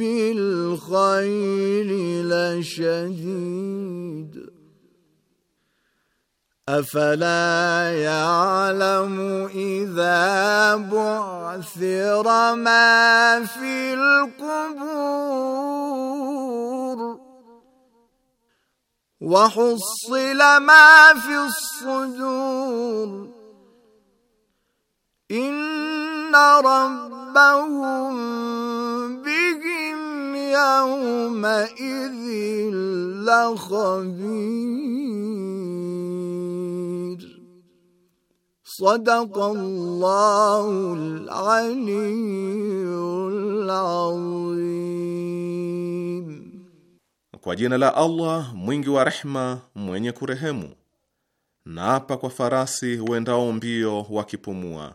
بالخير لشديد أفلا يعلم إذا بعثر ما في القبور وحصل ما في الصدور إن ربهم بهم يومئذ لخبير صدق الله العلي العظيم Kwa jina la Allah mwingi wa rehma mwenye kurehemu. Naapa kwa farasi wendao mbio wakipumua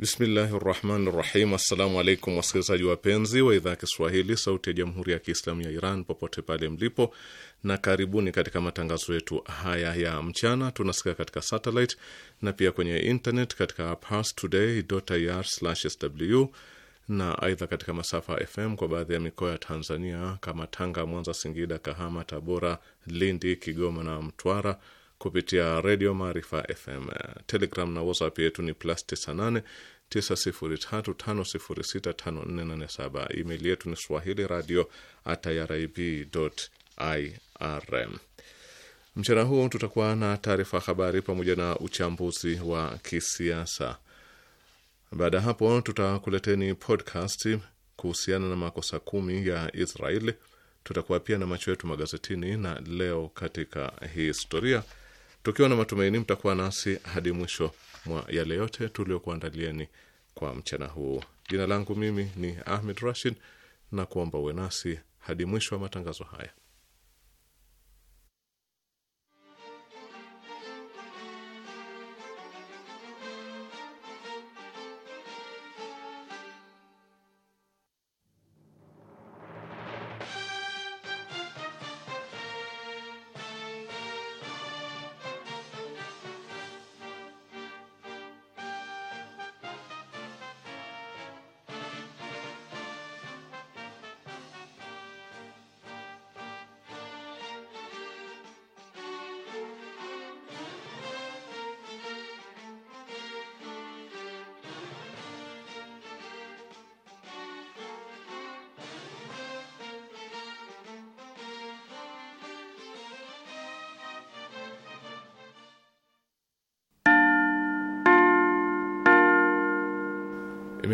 Bismillahi rahmani rahim. Assalamu alaikum wasikilizaji wapenzi wa idhaa ya Kiswahili sauti ya jamhuri ya Kiislamu ya Iran popote pale mlipo, na karibuni katika matangazo yetu haya ya mchana. Tunasikia katika satellite na pia kwenye internet katika parstoday.ir/sw na aidha katika masafa FM kwa baadhi ya mikoa ya Tanzania kama Tanga, Mwanza, Singida, Kahama, Tabora, Lindi, Kigoma na Mtwara kupitia redio Maarifa FM. Telegram na WhatsApp yetu ni plus 98 Email yetu ni swahili radio at ir. Mchana huu tutakuwa na taarifa habari pamoja na uchambuzi wa kisiasa. Baada ya hapo, tutakuleteni podcast kuhusiana na makosa kumi ya Israeli. Tutakuwa pia na macho yetu magazetini na leo katika historia tukiwa na matumaini mtakuwa nasi hadi mwisho mwa yale yote tuliokuandalieni kwa mchana huu. Jina langu mimi ni Ahmed Rashid na kuomba uwe nasi hadi mwisho wa matangazo haya.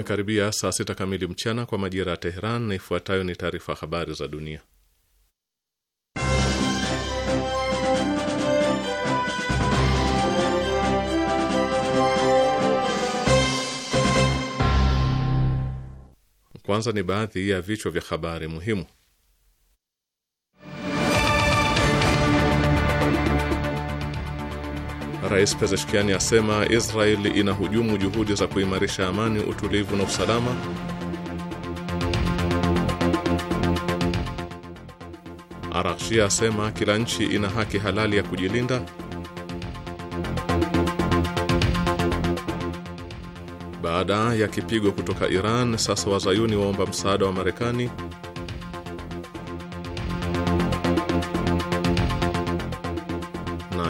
imekaribia saa sita kamili mchana kwa majira ya Teheran, na ifuatayo ni taarifa habari za dunia. Kwanza ni baadhi ya vichwa vya habari muhimu. Rais Pezeshkiani asema Israel inahujumu juhudi za kuimarisha amani, utulivu na usalama. Arakshi asema kila nchi ina haki halali ya kujilinda. Baada ya kipigo kutoka Iran, sasa wazayuni waomba msaada wa Marekani.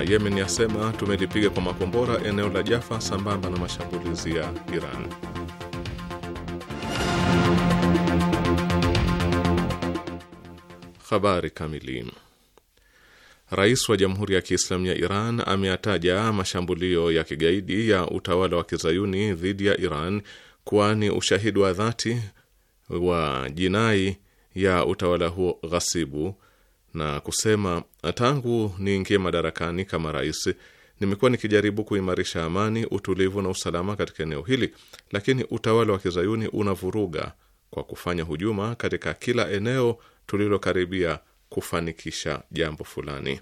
Yemen yasema tumelipiga kwa makombora eneo la Jaffa sambamba na mashambulizi ya Iran. Habari kamili. Rais wa Jamhuri ya Kiislamu ya Iran ameataja mashambulio ya kigaidi ya utawala wa kizayuni dhidi ya Iran kuwa ni ushahidi wa dhati wa jinai ya utawala huo ghasibu na kusema, tangu niingie madarakani kama rais, nimekuwa nikijaribu kuimarisha amani, utulivu na usalama katika eneo hili, lakini utawala wa kizayuni unavuruga kwa kufanya hujuma katika kila eneo tulilokaribia kufanikisha jambo fulani.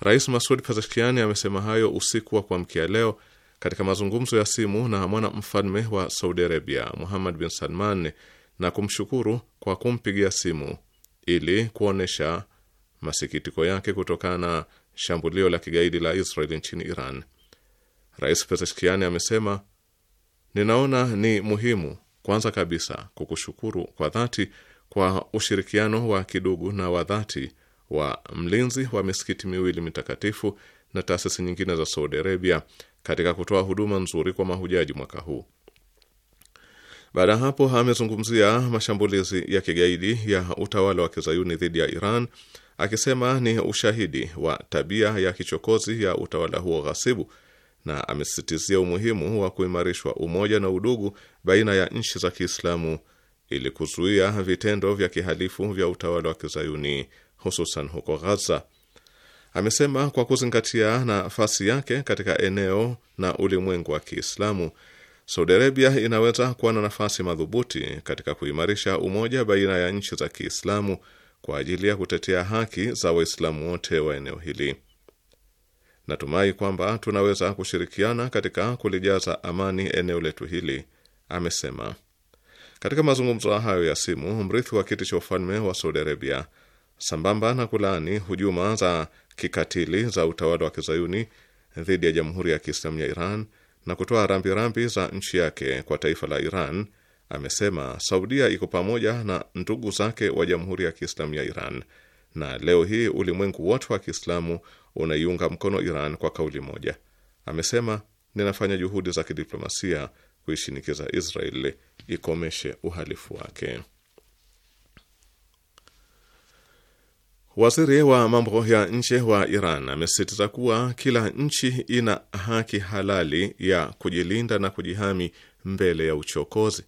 Rais Masud Pezeshkiani amesema hayo usiku wa kuamkia leo katika mazungumzo ya simu na mwana mfalme wa Saudi Arabia Muhammad bin Salman na kumshukuru kwa kumpigia simu ili kuonyesha masikitiko yake kutokana na shambulio la kigaidi la Israel nchini Iran. Rais Pezeshkiani amesema, ninaona ni muhimu kwanza kabisa kukushukuru kwa dhati kwa ushirikiano wa kidugu na wa dhati wa mlinzi wa misikiti miwili mitakatifu na taasisi nyingine za Saudi Arabia katika kutoa huduma nzuri kwa mahujaji mwaka huu. Baada ya hapo amezungumzia mashambulizi ya kigaidi ya utawala wa kizayuni dhidi ya Iran akisema ni ushahidi wa tabia ya kichokozi ya utawala huo ghasibu, na amesisitizia umuhimu wa kuimarishwa umoja na udugu baina ya nchi za Kiislamu ili kuzuia vitendo vya kihalifu vya utawala wa kizayuni hususan huko Ghaza. Amesema kwa kuzingatia nafasi yake katika eneo na ulimwengu wa Kiislamu Saudi Arabia inaweza kuwa na nafasi madhubuti katika kuimarisha umoja baina ya nchi za Kiislamu kwa ajili ya kutetea haki za Waislamu wote wa eneo hili. Natumai kwamba tunaweza kushirikiana katika kulijaza amani eneo letu hili, amesema. Katika mazungumzo hayo ya simu, mrithi wa kiti cha ufalme wa Saudi Arabia, sambamba na kulaani hujuma za kikatili za utawala wa kizayuni dhidi ya Jamhuri ya Kiislamu ya Iran na kutoa rambirambi za nchi yake kwa taifa la Iran, amesema Saudia iko pamoja na ndugu zake wa Jamhuri ya Kiislamu ya Iran, na leo hii ulimwengu wote wa Kiislamu unaiunga mkono Iran kwa kauli moja. Amesema ninafanya juhudi za kidiplomasia kuishinikiza Israeli ikomeshe uhalifu wake. Waziri wa mambo ya nje wa Iran amesisitiza kuwa kila nchi ina haki halali ya kujilinda na kujihami mbele ya uchokozi.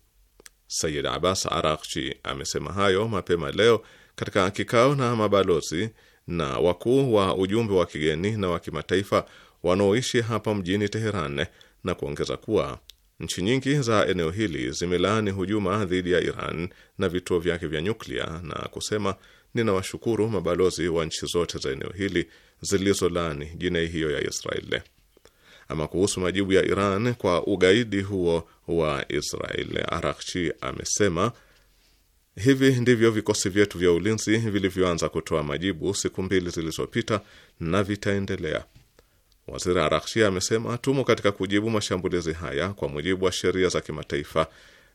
Sayid Abbas Arakchi amesema hayo mapema leo katika kikao na mabalozi na wakuu wa ujumbe wa kigeni na wa kimataifa wanaoishi hapa mjini Teheran na kuongeza kuwa nchi nyingi za eneo hili zimelaani hujuma dhidi ya Iran na vituo vyake vya nyuklia na kusema Ninawashukuru mabalozi wa nchi zote za eneo hili zilizolaani jinai hiyo ya Israeli. Ama kuhusu majibu ya Iran kwa ugaidi huo wa Israeli, Arakchi amesema hivi ndivyo vikosi vyetu vya ulinzi vilivyoanza kutoa majibu siku mbili zilizopita na vitaendelea. Waziri Arakchi amesema tumo katika kujibu mashambulizi haya kwa mujibu wa sheria za kimataifa.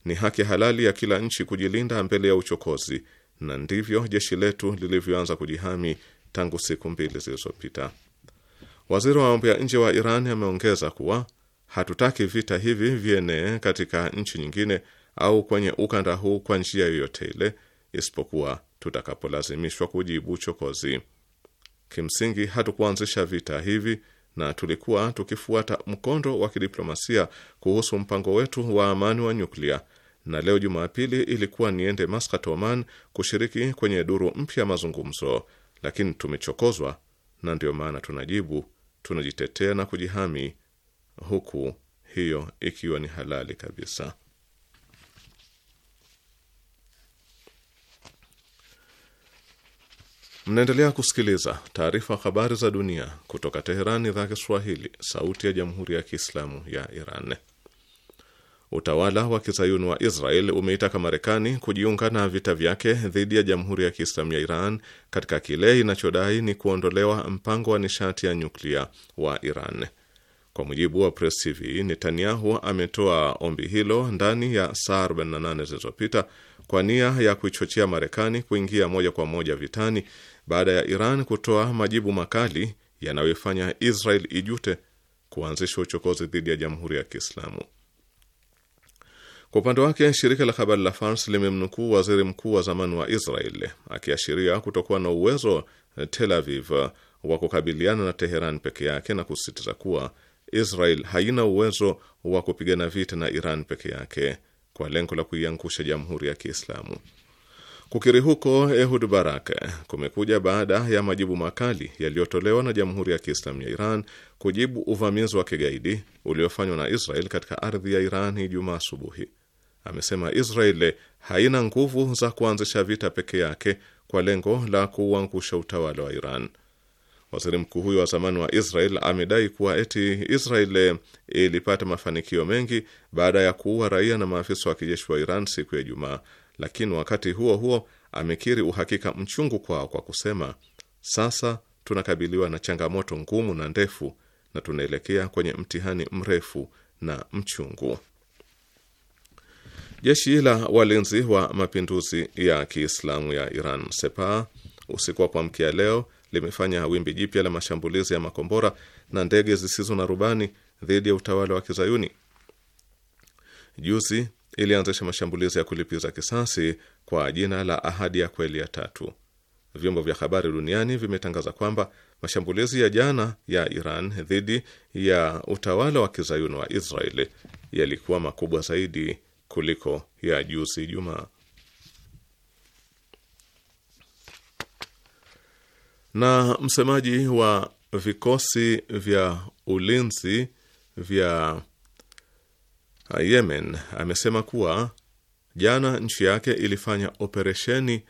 Ni haki halali ya kila nchi kujilinda mbele ya uchokozi na ndivyo jeshi letu lilivyoanza kujihami tangu siku mbili zilizopita. Waziri wa mambo ya nje wa Iran ameongeza kuwa hatutaki vita hivi vienee katika nchi nyingine au kwenye ukanda huu kwa njia yoyote ile, isipokuwa tutakapolazimishwa kujibu chokozi. Kimsingi, hatukuanzisha vita hivi na tulikuwa tukifuata mkondo wa kidiplomasia kuhusu mpango wetu wa amani wa nyuklia na leo Jumapili ilikuwa niende Maskat, Oman, kushiriki kwenye duru mpya ya mazungumzo, lakini tumechokozwa na ndiyo maana tunajibu, tunajitetea na kujihami, huku hiyo ikiwa ni halali kabisa. Mnaendelea kusikiliza taarifa habari za dunia kutoka Teherani, idhaa Kiswahili, sauti ya jamhuri ya kiislamu ya Iran. Utawala wa kizayuni wa Israel umeitaka Marekani kujiunga na vita vyake dhidi ya jamhuri ya kiislamu ya Iran katika kile inachodai ni kuondolewa mpango wa nishati ya nyuklia wa Iran. Kwa mujibu wa Press TV, Netanyahu ametoa ombi hilo ndani ya saa 48 zilizopita kwa nia ya kuichochea Marekani kuingia moja kwa moja vitani baada ya Iran kutoa majibu makali yanayoifanya Israel ijute kuanzisha uchokozi dhidi ya jamhuri ya kiislamu kwa upande wake shirika la habari la France limemnukuu waziri mkuu wa zamani wa Israel akiashiria kutokuwa na uwezo eh, Tel Aviv wa kukabiliana na Teheran peke yake na kusisitiza kuwa Israel haina uwezo wa kupigana vita na Iran peke yake kwa lengo la kuiangusha Jamhuri ya Kiislamu. Kukiri huko Ehud Barak kumekuja baada ya majibu makali yaliyotolewa na Jamhuri ya Kiislamu ya Iran kujibu uvamizi wa kigaidi uliofanywa na Israel katika ardhi ya Iran Ijumaa asubuhi amesema Israeli haina nguvu za kuanzisha vita peke yake kwa lengo la kuuangusha utawala wa Iran. Waziri mkuu huyo wa zamani wa Israel amedai kuwa eti Israel ilipata mafanikio mengi baada ya kuua raia na maafisa wa kijeshi wa Iran siku ya Ijumaa, lakini wakati huo huo amekiri uhakika mchungu kwao kwa kusema, sasa tunakabiliwa na changamoto ngumu na ndefu na tunaelekea kwenye mtihani mrefu na mchungu. Jeshi la walinzi wa mapinduzi ya Kiislamu ya Iran sepa usiku wa kuamkia leo limefanya wimbi jipya la mashambulizi ya makombora na ndege zisizo na rubani dhidi ya utawala wa Kizayuni. Juzi ilianzisha mashambulizi ya kulipiza kisasi kwa jina la Ahadi ya Kweli ya Tatu. Vyombo vya habari duniani vimetangaza kwamba mashambulizi ya jana ya Iran dhidi ya utawala wa Kizayuni wa Israeli yalikuwa makubwa zaidi kuliko ya juzi Ijumaa. Na msemaji wa vikosi vya ulinzi vya Yemen amesema kuwa jana nchi yake ilifanya operesheni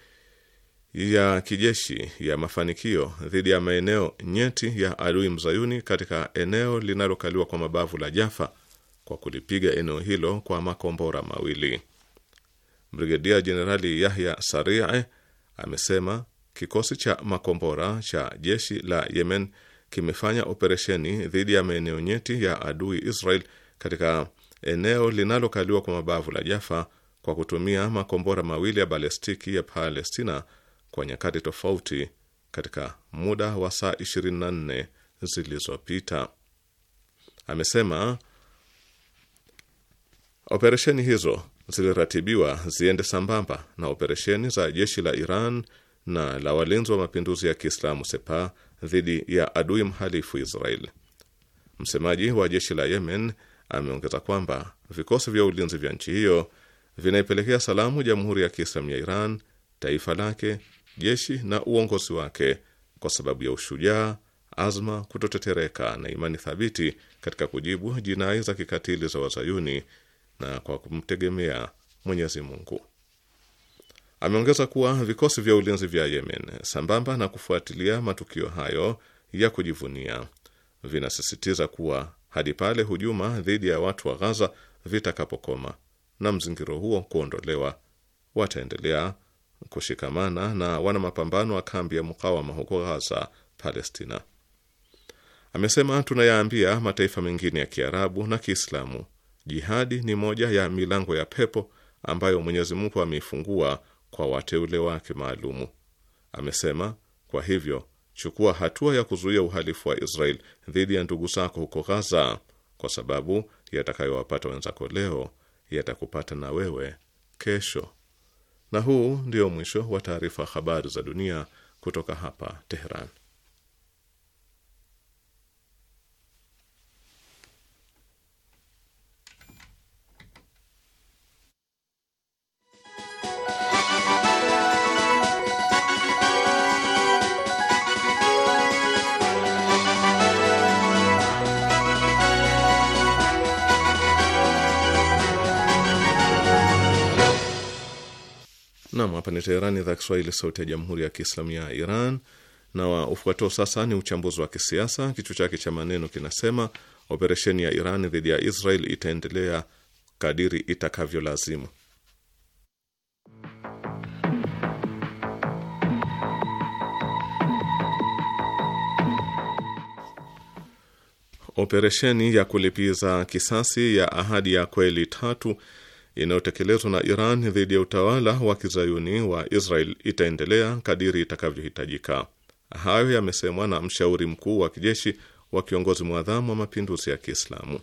ya kijeshi ya mafanikio dhidi ya maeneo nyeti ya adui mzayuni katika eneo linalokaliwa kwa mabavu la Jaffa kwa kulipiga eneo hilo kwa makombora mawili. Brigedia Jenerali Yahya Sarie eh, amesema kikosi cha makombora cha jeshi la Yemen kimefanya operesheni dhidi ya maeneo nyeti ya adui Israel katika eneo linalokaliwa kwa mabavu la jafa kwa kutumia makombora mawili ya balestiki ya Palestina kwa nyakati tofauti katika muda wa saa 24 zilizopita. Amesema Operesheni hizo ziliratibiwa ziende sambamba na operesheni za jeshi la Iran na la walinzi wa mapinduzi ya Kiislamu sepa dhidi ya adui mhalifu Israel. Msemaji wa jeshi la Yemen ameongeza kwamba vikosi vya ulinzi vya nchi hiyo vinaipelekea salamu Jamhuri ya Kiislamu ya Iran, taifa lake, jeshi na uongozi wake kwa sababu ya ushujaa, azma, kutotetereka na imani thabiti katika kujibu jinai za kikatili za Wazayuni na kwa kumtegemea Mwenyezi Mungu. Ameongeza kuwa vikosi vya ulinzi vya Yemen, sambamba na kufuatilia matukio hayo ya kujivunia, vinasisitiza kuwa hadi pale hujuma dhidi ya watu wa Ghaza vitakapokoma na mzingiro huo kuondolewa, wataendelea kushikamana na wana mapambano wa kambi ya mukawama huko Ghaza, Palestina. Amesema, tunayaambia mataifa mengine ya Kiarabu na Kiislamu Jihadi ni moja ya milango ya pepo ambayo Mwenyezi Mungu ameifungua kwa wateule wake maalumu. Amesema, kwa hivyo chukua hatua ya kuzuia uhalifu wa Israel dhidi ya ndugu zako huko ghaza kwa sababu yatakayowapata wenzako leo yatakupata na wewe kesho. Na huu ndio mwisho wa taarifa habari za dunia kutoka hapa Teheran. Nam, hapa ni Teherani, idhaa Kiswahili, sauti ya jamhuri ya kiislamu ya Iran. Na ufuatao sasa ni uchambuzi wa kisiasa, kichwa chake cha maneno kinasema operesheni ya Iran dhidi ya Israel itaendelea kadiri itakavyolazimu. Operesheni ya kulipiza kisasi ya ahadi ya kweli tatu inayotekelezwa na Iran dhidi ya utawala wa kizayuni wa Israel itaendelea kadiri itakavyohitajika. Hayo yamesemwa na mshauri mkuu wa kijeshi wa kiongozi mwadhamu wa mapinduzi ya Kiislamu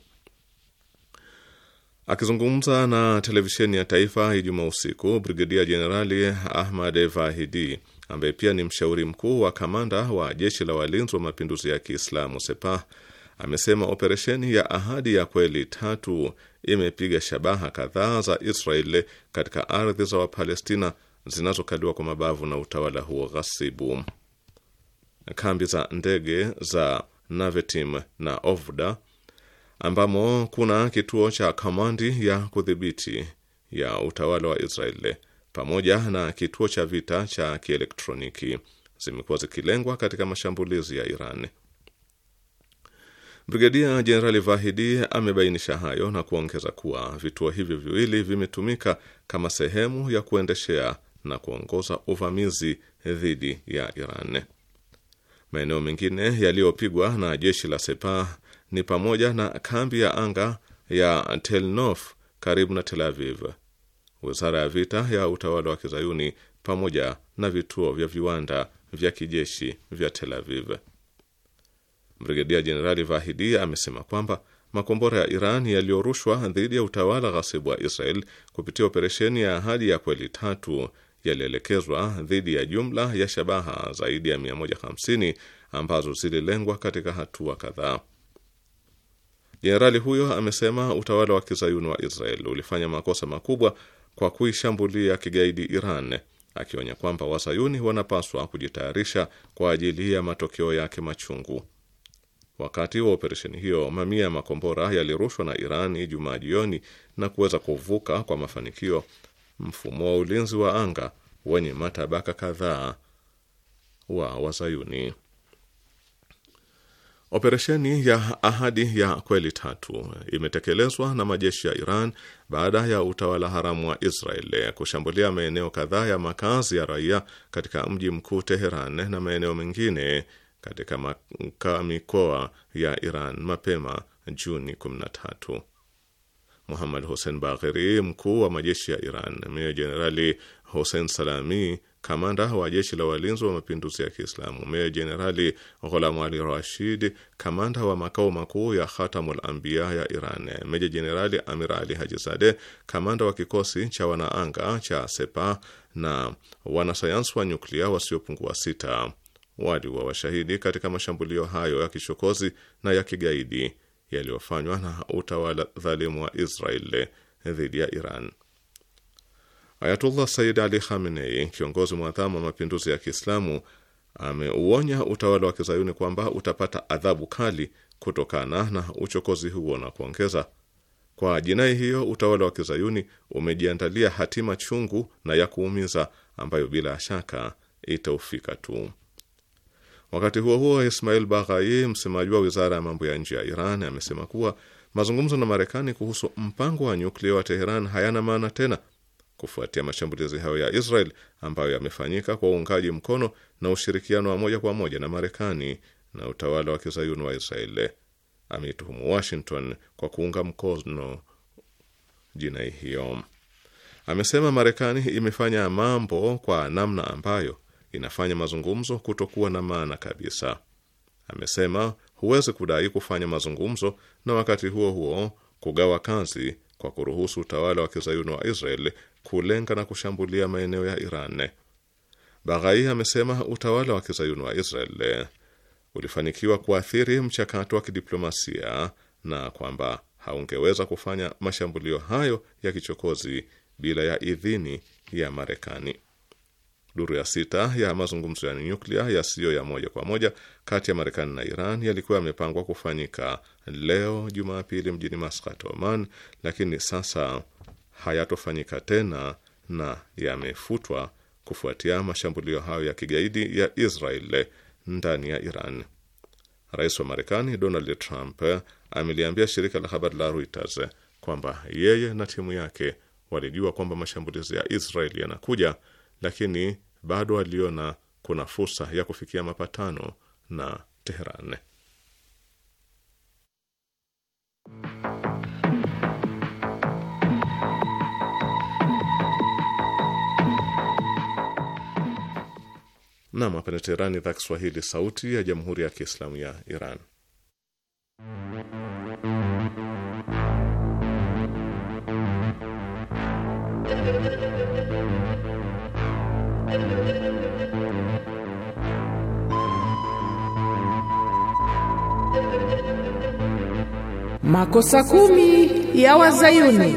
akizungumza na televisheni ya taifa Ijumaa usiku. Brigedia Jenerali Ahmad Vahidi ambaye pia ni mshauri mkuu wa kamanda wa jeshi la walinzi wa mapinduzi ya Kiislamu Sepah amesema operesheni ya Ahadi ya Kweli tatu imepiga shabaha kadhaa za Israel katika ardhi za Wapalestina zinazokaliwa kwa mabavu na utawala huo ghasibu. Kambi za ndege za Navetim na Ovda ambamo kuna kituo cha kamandi ya kudhibiti ya utawala wa Israeli pamoja na kituo cha vita cha kielektroniki zimekuwa zikilengwa katika mashambulizi ya Iran. Brigadia Jenerali Vahidi amebainisha hayo na kuongeza kuwa vituo hivyo viwili vimetumika kama sehemu ya kuendeshea na kuongoza uvamizi dhidi ya Iran. Maeneo mengine yaliyopigwa na jeshi la Sepah ni pamoja na kambi ya anga ya Telnof karibu na Tel Aviv, wizara ya vita ya utawala wa Kizayuni pamoja na vituo vya viwanda vya kijeshi vya Tel Aviv. Brigedia Jenerali Vahidi amesema kwamba makombora ya Iran yaliyorushwa dhidi ya utawala ghasibu wa Israel kupitia operesheni ya Ahadi ya Kweli tatu yalielekezwa dhidi ya jumla ya shabaha zaidi ya 150 ambazo zililengwa katika hatua kadhaa. Jenerali huyo amesema utawala wa kizayuni wa Israel ulifanya makosa makubwa kwa kuishambulia kigaidi Iran, akionya kwamba wasayuni wanapaswa kujitayarisha kwa ajili ya matokeo yake machungu. Wakati wa operesheni hiyo, mamia ya makombora yalirushwa na Iran Ijumaa jioni na kuweza kuvuka kwa mafanikio mfumo wa ulinzi wa anga wenye matabaka kadhaa wa Wazayuni. Operesheni ya Ahadi ya Kweli tatu imetekelezwa na majeshi ya Iran baada ya utawala haramu wa Israel kushambulia maeneo kadhaa ya makazi ya raia katika mji mkuu Teheran na maeneo mengine katika mikoa ya Iran mapema Juni 13. Muhammad Hussein Bagheri, mkuu wa majeshi ya Iran, meja jenerali Hussein Salami, kamanda wa jeshi la walinzi wa mapinduzi ya Kiislamu, meja jenerali Ghulam Ali Rashid, kamanda wa makao makuu ya Khatamul Anbiya ya Iran, meja jenerali Amir Ali zade kamanda wa kikosi cha wanaanga cha Sepa na wanasayansi wa nyuklia wasiopungua sita waliwa washahidi katika mashambulio hayo ya kichokozi na ya kigaidi yaliyofanywa na utawala dhalimu wa Israel dhidi ya Iran. Ayatullah Sayyid Ali Khamenei, kiongozi mwadhamu wa mapinduzi ya Kiislamu, ameuonya utawala wa kizayuni kwamba utapata adhabu kali kutokana na uchokozi huo na kuongeza, kwa jinai hiyo utawala wa kizayuni umejiandalia hatima chungu na ya kuumiza ambayo bila shaka itaufika tu. Wakati huo huo, Ismail Baghai, msemaji wa wizara ya mambo ya nje ya Iran, amesema kuwa mazungumzo na Marekani kuhusu mpango wa nyuklia wa Teheran hayana maana tena kufuatia mashambulizi hayo ya Israel ambayo yamefanyika kwa uungaji mkono na ushirikiano wa moja kwa moja na Marekani na utawala wa kizayuni wa Israel. Ameituhumu Washington kwa kuunga mkono jinai hiyo. Amesema Marekani imefanya mambo kwa namna ambayo inafanya mazungumzo kutokuwa na maana kabisa. Amesema huwezi kudai kufanya mazungumzo na wakati huo huo kugawa kazi kwa kuruhusu utawala wa kizayuni wa Israel kulenga na kushambulia maeneo ya Iran. Baghai amesema utawala wa kizayuni wa Israel ulifanikiwa kuathiri mchakato wa kidiplomasia na kwamba haungeweza kufanya mashambulio hayo ya kichokozi bila ya idhini ya Marekani. Duru ya sita ya mazungumzo ya nyuklia yasiyo ya moja kwa moja kati ya Marekani na Iran yalikuwa yamepangwa kufanyika leo Jumapili mjini Maskat, Oman, lakini sasa hayatofanyika tena na yamefutwa kufuatia mashambulio hayo ya kigaidi ya Israel ndani ya Iran. Rais wa Marekani Donald Trump ameliambia shirika la habari la Reuters kwamba yeye na timu yake walijua kwamba mashambulizi ya Israel yanakuja lakini bado aliona kuna fursa ya kufikia mapatano na Teheran. Nam, hapa ni Teherani, idhaa Kiswahili, sauti ya jamhuri ya kiislamu ya Iran. Makosa kumi ya Wazayuni.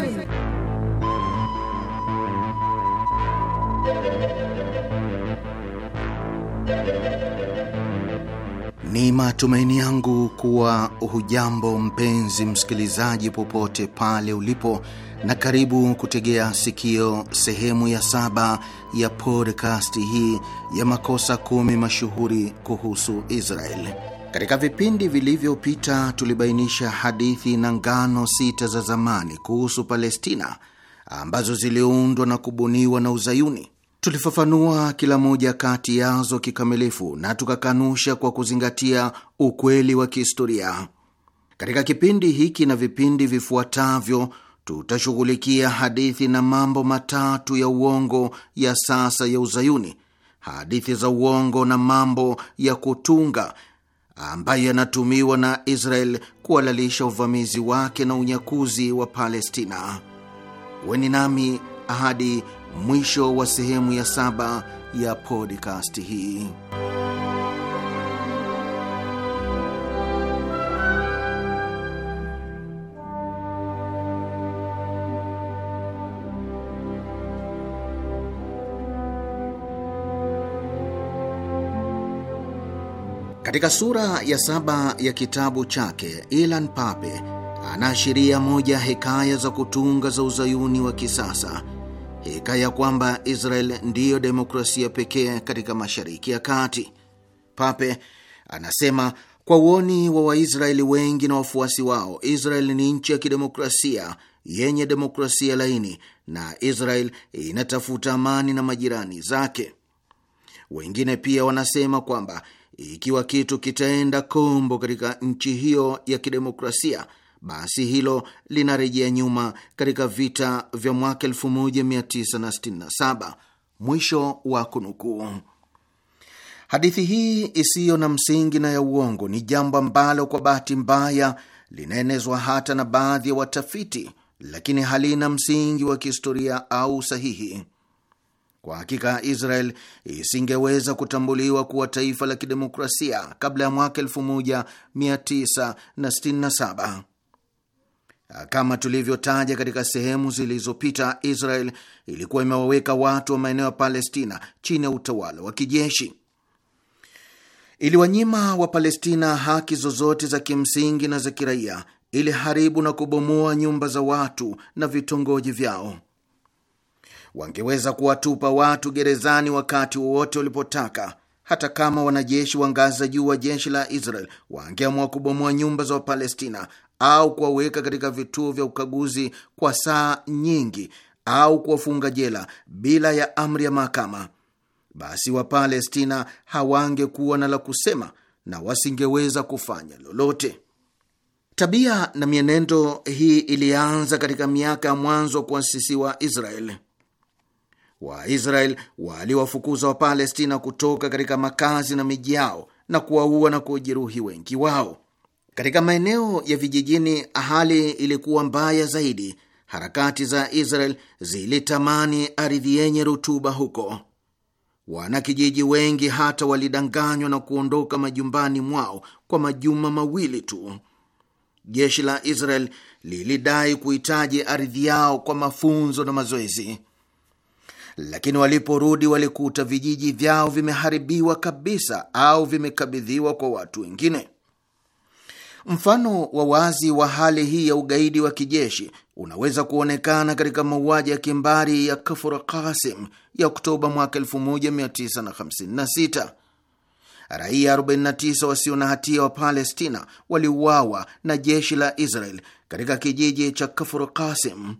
Ni matumaini yangu kuwa hujambo mpenzi msikilizaji, popote pale ulipo, na karibu kutegea sikio sehemu ya saba ya podcast hii ya makosa kumi mashuhuri kuhusu Israeli. Katika vipindi vilivyopita tulibainisha hadithi na ngano sita za zamani kuhusu Palestina ambazo ziliundwa na kubuniwa na Uzayuni. Tulifafanua kila moja kati yazo kikamilifu na tukakanusha kwa kuzingatia ukweli wa kihistoria. Katika kipindi hiki na vipindi vifuatavyo, tutashughulikia hadithi na mambo matatu ya uongo ya sasa ya Uzayuni, hadithi za uongo na mambo ya kutunga ambaye yanatumiwa na Israel kuhalalisha uvamizi wake na unyakuzi wa Palestina. Weni nami hadi mwisho wa sehemu ya saba ya podcast hii. Katika sura ya saba ya kitabu chake Ilan Pape anaashiria moja ya hekaya za kutunga za uzayuni wa kisasa, hekaya kwamba Israel ndiyo demokrasia pekee katika Mashariki ya Kati. Pape anasema kwa uoni wa Waisraeli wengi na wafuasi wao, Israel ni nchi ya kidemokrasia yenye demokrasia laini, na Israel inatafuta amani na majirani zake. Wengine pia wanasema kwamba ikiwa kitu kitaenda kombo katika nchi hiyo ya kidemokrasia, basi hilo linarejea nyuma katika vita vya mwaka 1967. Mwisho wa kunukuu. Hadithi hii isiyo na msingi na ya uongo ni jambo ambalo kwa bahati mbaya linaenezwa hata na baadhi ya watafiti, lakini halina msingi wa kihistoria au sahihi. Kwa hakika Israel isingeweza kutambuliwa kuwa taifa la kidemokrasia kabla ya mwaka 1967. Kama tulivyotaja katika sehemu zilizopita, Israel ilikuwa imewaweka watu wa maeneo ya Palestina chini ya utawala wa kijeshi. Iliwanyima Wapalestina haki zozote za kimsingi na za kiraia, iliharibu na kubomoa nyumba za watu na vitongoji vyao wangeweza kuwatupa watu gerezani wakati wowote walipotaka. Hata kama wanajeshi wa ngazi za juu wa jeshi la Israel wangeamua kubomoa nyumba za Wapalestina au kuwaweka katika vituo vya ukaguzi kwa saa nyingi au kuwafunga jela bila ya amri ya mahakama, basi Wapalestina hawangekuwa na la kusema na wasingeweza kufanya lolote. Tabia na mienendo hii ilianza katika miaka ya mwanzo wa kuasisiwa Israel. Waisrael waliwafukuza Wapalestina kutoka katika makazi na miji yao na kuwaua na kujeruhi wengi wao. Katika maeneo ya vijijini, hali ilikuwa mbaya zaidi. Harakati za Israel zilitamani ardhi yenye rutuba huko. Wanakijiji wengi hata walidanganywa na kuondoka majumbani mwao kwa majuma mawili tu. Jeshi la Israel lilidai kuhitaji ardhi yao kwa mafunzo na mazoezi lakini waliporudi walikuta vijiji vyao vimeharibiwa kabisa au vimekabidhiwa kwa watu wengine. Mfano wa wazi wa hali hii ya ugaidi wa kijeshi unaweza kuonekana katika mauaji ya kimbari ya Kafur Qasim ya Oktoba mwaka 1956. Raia 49 wasio na hatia wa Palestina waliuawa na jeshi la Israel katika kijiji cha Kafur Qasim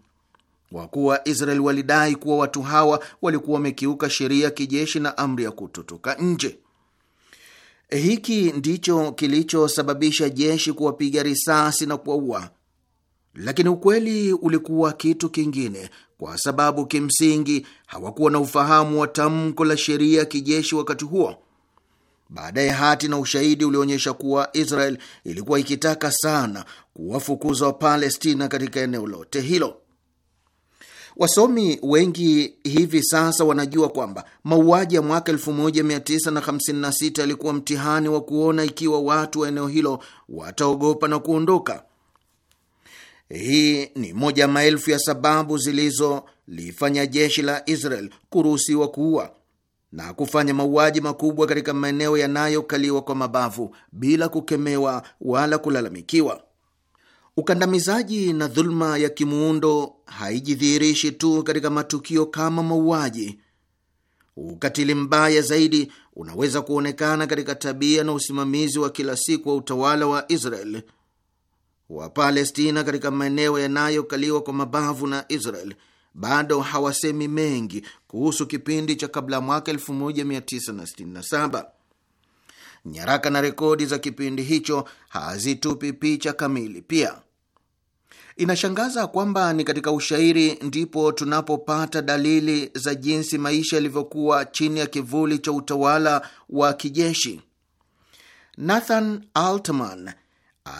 kwa kuwa Israel walidai kuwa watu hawa walikuwa wamekiuka sheria ya kijeshi na amri ya kutotoka nje. Hiki ndicho kilichosababisha jeshi kuwapiga risasi na kuwaua, lakini ukweli ulikuwa kitu kingine, kwa sababu kimsingi hawakuwa na ufahamu wa tamko la sheria ya kijeshi wakati huo. Baadaye hati na ushahidi ulionyesha kuwa Israel ilikuwa ikitaka sana kuwafukuza Wapalestina katika eneo lote hilo. Wasomi wengi hivi sasa wanajua kwamba mauaji ya mwaka 1956 yalikuwa mtihani wa kuona ikiwa watu wa eneo hilo wataogopa na kuondoka. Hii ni moja maelfu ya sababu zilizolifanya jeshi la Israel kuruhusiwa kuua na kufanya mauaji makubwa katika maeneo yanayokaliwa kwa mabavu bila kukemewa wala kulalamikiwa. Ukandamizaji na dhuluma ya kimuundo haijidhihirishi tu katika matukio kama mauaji. Ukatili mbaya zaidi unaweza kuonekana katika tabia na usimamizi wa kila siku wa utawala wa Israel. Wapalestina katika maeneo yanayokaliwa kwa mabavu na Israel bado hawasemi mengi kuhusu kipindi cha kabla mwaka 1967. Nyaraka na rekodi za kipindi hicho hazitupi picha kamili pia. Inashangaza kwamba ni katika ushairi ndipo tunapopata dalili za jinsi maisha yalivyokuwa chini ya kivuli cha utawala wa kijeshi. Nathan Altman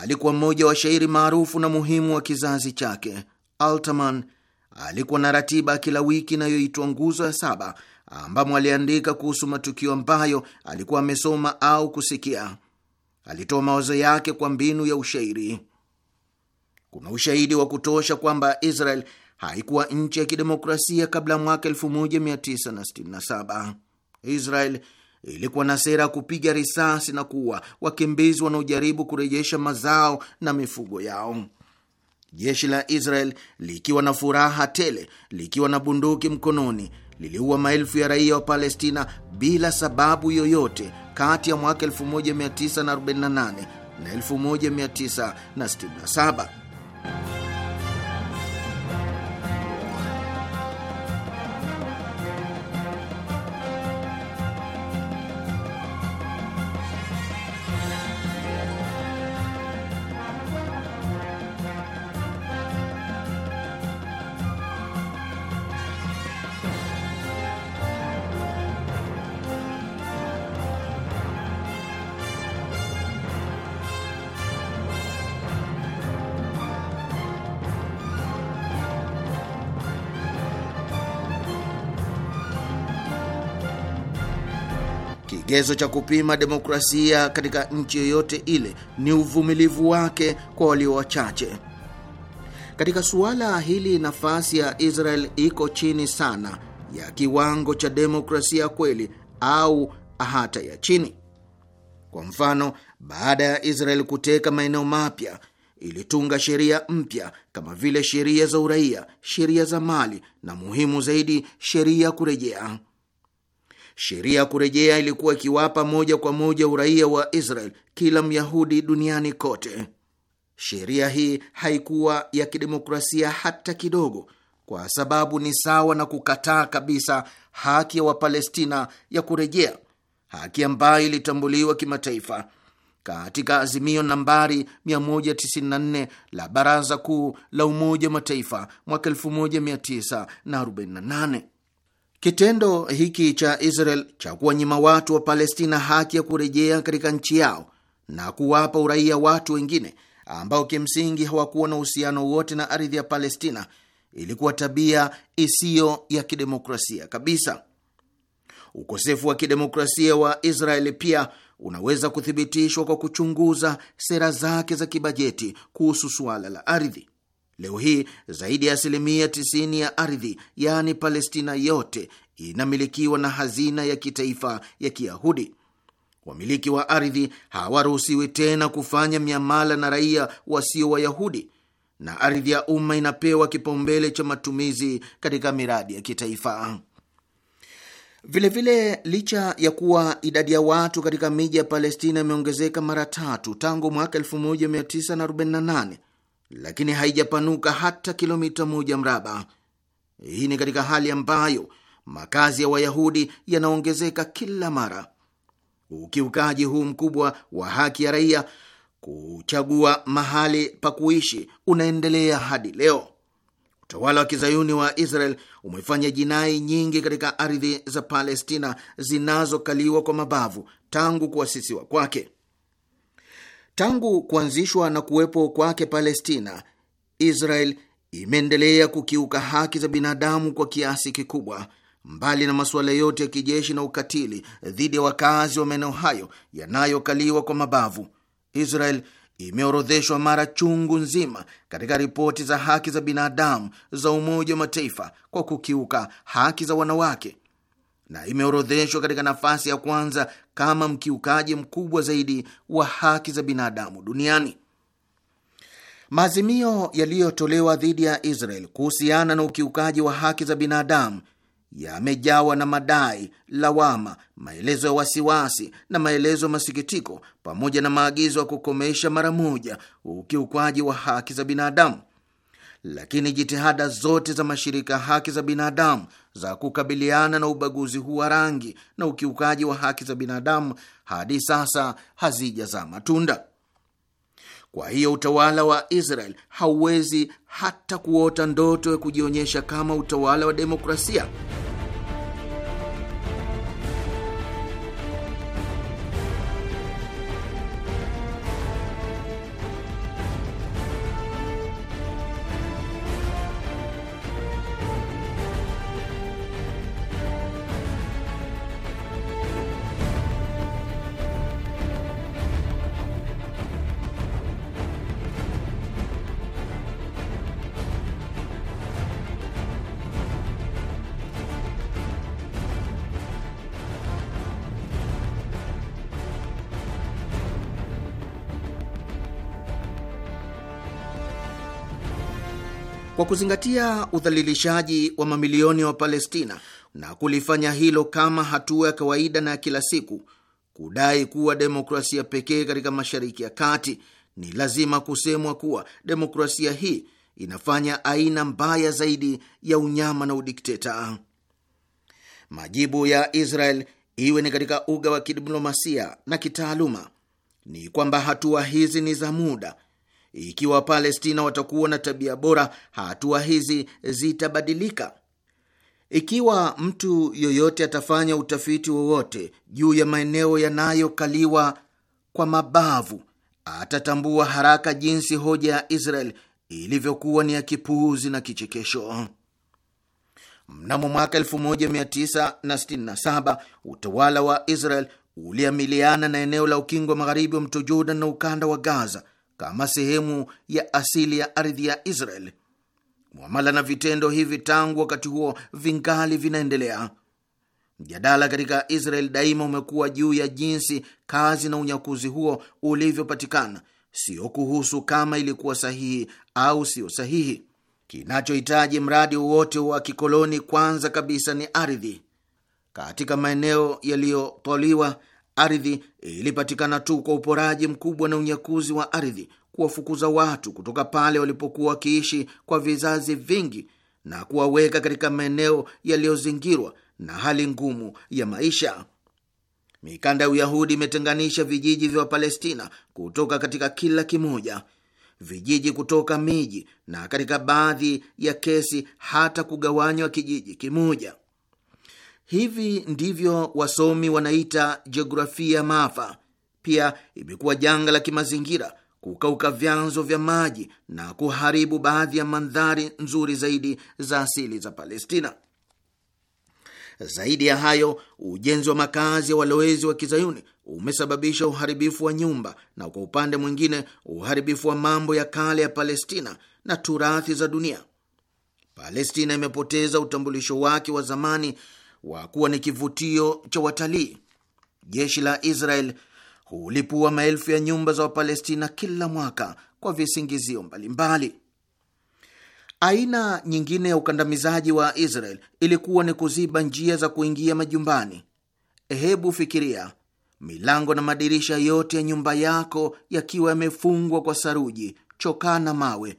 alikuwa mmoja wa shairi maarufu na muhimu wa kizazi chake. Altman alikuwa na ratiba kila wiki inayoitwa Nguzo ya Saba, ambamo aliandika kuhusu matukio ambayo alikuwa amesoma au kusikia. Alitoa mawazo yake kwa mbinu ya ushairi kuna ushahidi wa kutosha kwamba Israel haikuwa nchi ya kidemokrasia kabla ya mwaka 1967. Israel ilikuwa na sera ya kupiga risasi na kuua wakimbizi wanaojaribu kurejesha mazao na mifugo yao. Jeshi la Israel likiwa na furaha tele, likiwa na bunduki mkononi, liliua maelfu ya raia wa Palestina bila sababu yoyote kati ya mwaka 1948 na 1967. Bye. Kigezo cha kupima demokrasia katika nchi yoyote ile ni uvumilivu wake kwa walio wachache. Katika suala hili, nafasi ya Israel iko chini sana ya kiwango cha demokrasia kweli au hata ya chini. Kwa mfano, baada ya Israel kuteka maeneo mapya ilitunga sheria mpya kama vile sheria za uraia, sheria za mali na muhimu zaidi, sheria kurejea. Sheria ya kurejea ilikuwa ikiwapa moja kwa moja uraia wa Israel kila Myahudi duniani kote. Sheria hii haikuwa ya kidemokrasia hata kidogo, kwa sababu ni sawa na kukataa kabisa haki ya Wapalestina ya kurejea, haki ambayo ilitambuliwa kimataifa katika azimio nambari 194 la Baraza Kuu la Umoja wa Mataifa mwaka 1948. Kitendo hiki cha Israel cha kuwanyima watu wa Palestina haki ya kurejea katika nchi yao na kuwapa uraia watu wengine ambao kimsingi hawakuwa na uhusiano wote na ardhi ya Palestina ilikuwa tabia isiyo ya kidemokrasia kabisa. Ukosefu wa kidemokrasia wa Israeli pia unaweza kuthibitishwa kwa kuchunguza sera zake za kibajeti kuhusu suala la ardhi. Leo hii zaidi ya asilimia 90 ya ardhi yaani Palestina yote inamilikiwa na hazina ya kitaifa ya Kiyahudi. Wamiliki wa ardhi hawaruhusiwi tena kufanya miamala na raia wasio Wayahudi, na ardhi ya umma inapewa kipaumbele cha matumizi katika miradi ya kitaifa. Vilevile vile, licha ya kuwa idadi ya watu katika miji ya Palestina imeongezeka mara tatu tangu mwaka 1948 lakini haijapanuka hata kilomita moja mraba. Hii ni katika hali ambayo makazi ya Wayahudi yanaongezeka kila mara. Ukiukaji huu mkubwa wa haki ya raia kuchagua mahali pa kuishi unaendelea hadi leo. Utawala wa kizayuni wa Israel umefanya jinai nyingi katika ardhi za Palestina zinazokaliwa kwa mabavu tangu kuasisiwa kwake. Tangu kuanzishwa na kuwepo kwake Palestina, Israel imeendelea kukiuka haki za binadamu kwa kiasi kikubwa. Mbali na masuala yote ya kijeshi na ukatili dhidi ya wakazi wa maeneo hayo yanayokaliwa kwa mabavu, Israel imeorodheshwa mara chungu nzima katika ripoti za haki za binadamu za Umoja wa Mataifa kwa kukiuka haki za wanawake, na imeorodheshwa katika nafasi ya kwanza kama mkiukaji mkubwa zaidi wa haki za binadamu duniani. Maazimio yaliyotolewa dhidi ya Israel kuhusiana na ukiukaji wa haki za binadamu yamejawa na madai, lawama, maelezo ya wasiwasi na maelezo ya masikitiko, pamoja na maagizo ya kukomesha mara moja ukiukwaji wa haki za binadamu lakini jitihada zote za mashirika haki za binadamu za kukabiliana na ubaguzi huu wa rangi na ukiukaji wa haki za binadamu hadi sasa hazijazaa matunda. Kwa hiyo utawala wa Israel hauwezi hata kuota ndoto ya kujionyesha kama utawala wa demokrasia. kwa kuzingatia udhalilishaji wa mamilioni ya wa palestina na kulifanya hilo kama hatua ya kawaida na ya kila siku, kudai kuwa demokrasia pekee katika Mashariki ya Kati, ni lazima kusemwa kuwa demokrasia hii inafanya aina mbaya zaidi ya unyama na udikteta. Majibu ya Israel, iwe ni katika uga wa kidiplomasia na kitaaluma, ni kwamba hatua hizi ni za muda ikiwa Wapalestina watakuwa na tabia bora, hatua hizi zitabadilika. Ikiwa mtu yoyote atafanya utafiti wowote juu ya maeneo yanayokaliwa kwa mabavu, atatambua haraka jinsi hoja ya Israel ilivyokuwa ni ya kipuuzi na kichekesho. Mnamo mwaka 1967 utawala wa Israel uliamiliana na eneo la ukingo magharibi wa mto Jordan na ukanda wa Gaza kama sehemu ya asili ya ardhi ya Israel. Mwamala na vitendo hivi tangu wakati huo vingali vinaendelea. Mjadala katika Israel daima umekuwa juu ya jinsi kazi na unyakuzi huo ulivyopatikana, sio kuhusu kama ilikuwa sahihi au siyo sahihi. Kinachohitaji mradi wowote wa kikoloni kwanza kabisa ni ardhi. Katika maeneo yaliyotwaliwa ardhi ilipatikana tu kwa uporaji mkubwa na unyakuzi wa ardhi, kuwafukuza watu kutoka pale walipokuwa wakiishi kwa vizazi vingi na kuwaweka katika maeneo yaliyozingirwa na hali ngumu ya maisha. Mikanda ya Uyahudi imetenganisha vijiji vya Wapalestina kutoka katika kila kimoja, vijiji kutoka miji, na katika baadhi ya kesi hata kugawanywa kijiji kimoja. Hivi ndivyo wasomi wanaita jiografia maafa. Pia imekuwa janga la kimazingira, kukauka vyanzo vya maji na kuharibu baadhi ya mandhari nzuri zaidi za asili za Palestina. Zaidi ya hayo, ujenzi wa makazi ya walowezi wa kizayuni umesababisha uharibifu wa nyumba na kwa upande mwingine uharibifu wa mambo ya kale ya Palestina na turathi za dunia. Palestina imepoteza utambulisho wake wa zamani wa kuwa ni kivutio cha watalii. Jeshi la Israel hulipua maelfu ya nyumba za Wapalestina kila mwaka kwa visingizio mbalimbali. Aina nyingine ya ukandamizaji wa Israel ilikuwa ni kuziba njia za kuingia majumbani. Hebu fikiria milango na madirisha yote ya nyumba yako yakiwa yamefungwa kwa saruji, chokaa na mawe,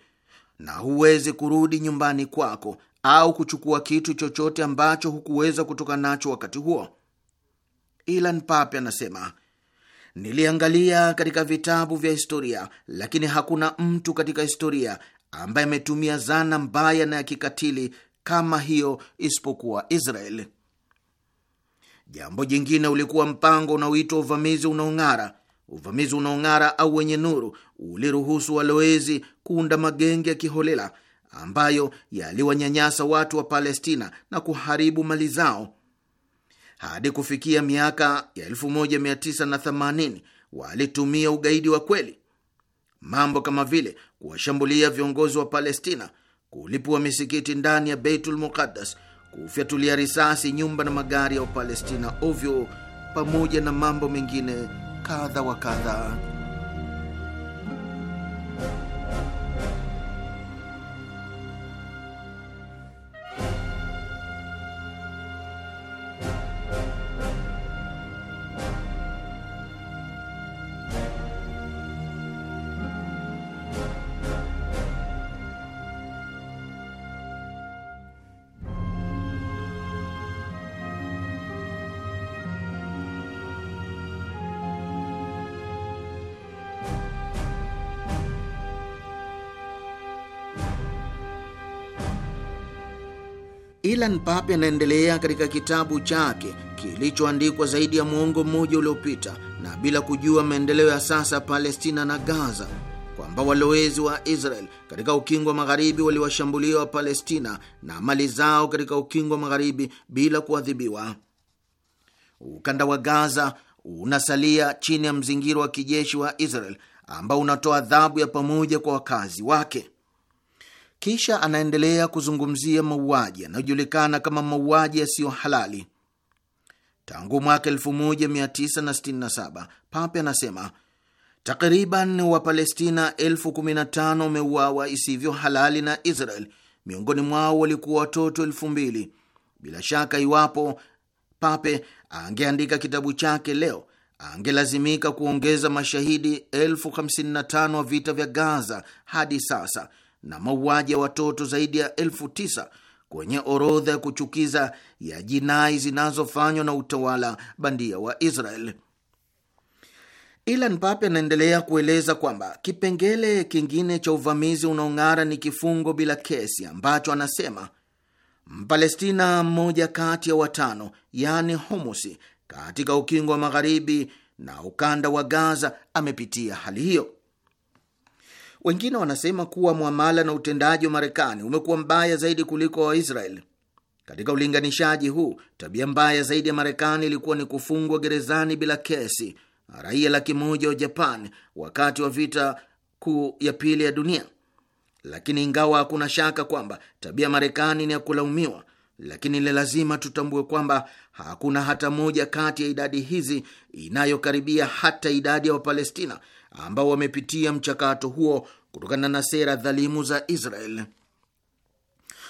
na huwezi kurudi nyumbani kwako au kuchukua kitu chochote ambacho hukuweza kutoka nacho wakati huo. Ilan Pape anasema niliangalia katika vitabu vya historia, lakini hakuna mtu katika historia ambaye ametumia zana mbaya na ya kikatili kama hiyo isipokuwa israel Jambo jingine ulikuwa mpango unaoitwa uvamizi unaong'ara. Uvamizi unaong'ara au wenye nuru uliruhusu walowezi kuunda magenge ya kiholela ambayo yaliwanyanyasa watu wa Palestina na kuharibu mali zao hadi kufikia miaka ya 1980 walitumia ugaidi wa kweli, mambo kama vile kuwashambulia viongozi wa Palestina, kulipua misikiti ndani ya Beitul Muqaddas, kufyatulia risasi nyumba na magari ya Wapalestina ovyo, pamoja na mambo mengine kadha wa kadha. Ilan Pape anaendelea katika kitabu chake kilichoandikwa zaidi ya mwongo mmoja uliopita na bila kujua maendeleo ya sasa Palestina na Gaza kwamba walowezi wa Israel katika ukingo wa magharibi waliwashambulia wa Palestina na mali zao katika ukingo wa magharibi bila kuadhibiwa. Ukanda wa Gaza unasalia chini ya mzingiro wa kijeshi wa Israel ambao unatoa adhabu ya pamoja kwa wakazi wake. Kisha anaendelea kuzungumzia mauaji yanayojulikana kama mauaji yasiyo halali. Tangu mwaka 1967 Pape anasema takriban Wapalestina elfu kumi na tano wameuawa isivyo halali na Israel, miongoni mwao walikuwa watoto elfu mbili. Bila shaka iwapo Pape angeandika kitabu chake leo angelazimika kuongeza mashahidi elfu hamsini na tano wa vita vya Gaza hadi sasa na mauaji ya watoto zaidi ya elfu tisa kwenye orodha ya kuchukiza ya jinai zinazofanywa na utawala bandia wa Israel. Ilan Pape anaendelea kueleza kwamba kipengele kingine cha uvamizi unaong'ara ni kifungo bila kesi ambacho anasema Mpalestina mmoja kati ya watano, yani Humusi, katika ukingo wa magharibi na ukanda wa Gaza amepitia hali hiyo. Wengine wanasema kuwa mwamala na utendaji wa Marekani umekuwa mbaya zaidi kuliko waisrael Katika ulinganishaji huu, tabia mbaya zaidi ya Marekani ilikuwa ni kufungwa gerezani bila kesi raia laki moja wa Japan wakati wa vita kuu ya pili ya dunia. Lakini ingawa hakuna shaka kwamba tabia Marekani ni ya kulaumiwa, lakini ni lazima tutambue kwamba hakuna hata moja kati ya idadi hizi inayokaribia hata idadi ya Wapalestina ambao wamepitia mchakato huo kutokana na sera dhalimu za Israel,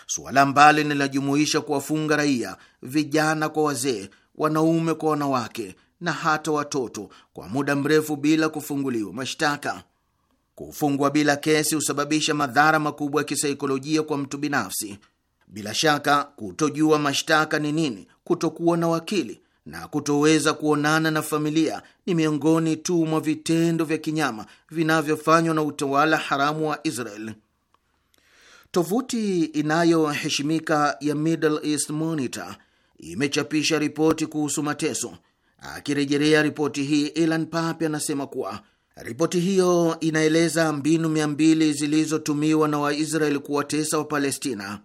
suala ambalo linajumuisha kuwafunga raia, vijana kwa wazee, wanaume kwa wanawake na hata watoto kwa muda mrefu bila kufunguliwa mashtaka. Kufungwa bila kesi husababisha madhara makubwa ya kisaikolojia kwa mtu binafsi. Bila shaka, kutojua mashtaka ni nini, kutokuwa na wakili na kutoweza kuonana na familia ni miongoni tu mwa vitendo vya kinyama vinavyofanywa na utawala haramu wa Israel. Tovuti inayoheshimika ya Middle East Monitor imechapisha ripoti kuhusu mateso. Akirejelea ripoti hii, Elan Pape anasema kuwa ripoti hiyo inaeleza mbinu mia mbili zilizotumiwa na Waisraeli kuwatesa Wapalestina.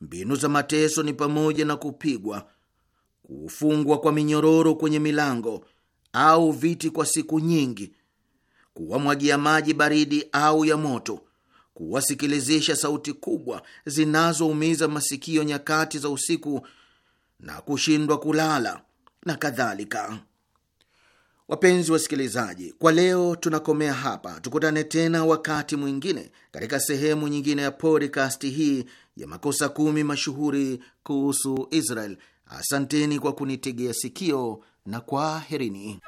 Mbinu za mateso ni pamoja na kupigwa kufungwa kwa minyororo kwenye milango au viti kwa siku nyingi, kuwamwagia maji baridi au ya moto, kuwasikilizisha sauti kubwa zinazoumiza masikio nyakati za usiku na kushindwa kulala na kadhalika. Wapenzi wasikilizaji, kwa leo tunakomea hapa. Tukutane tena wakati mwingine katika sehemu nyingine ya podcast hii ya makosa kumi mashuhuri kuhusu Israel. Asanteni kwa kunitegea sikio na kwaherini.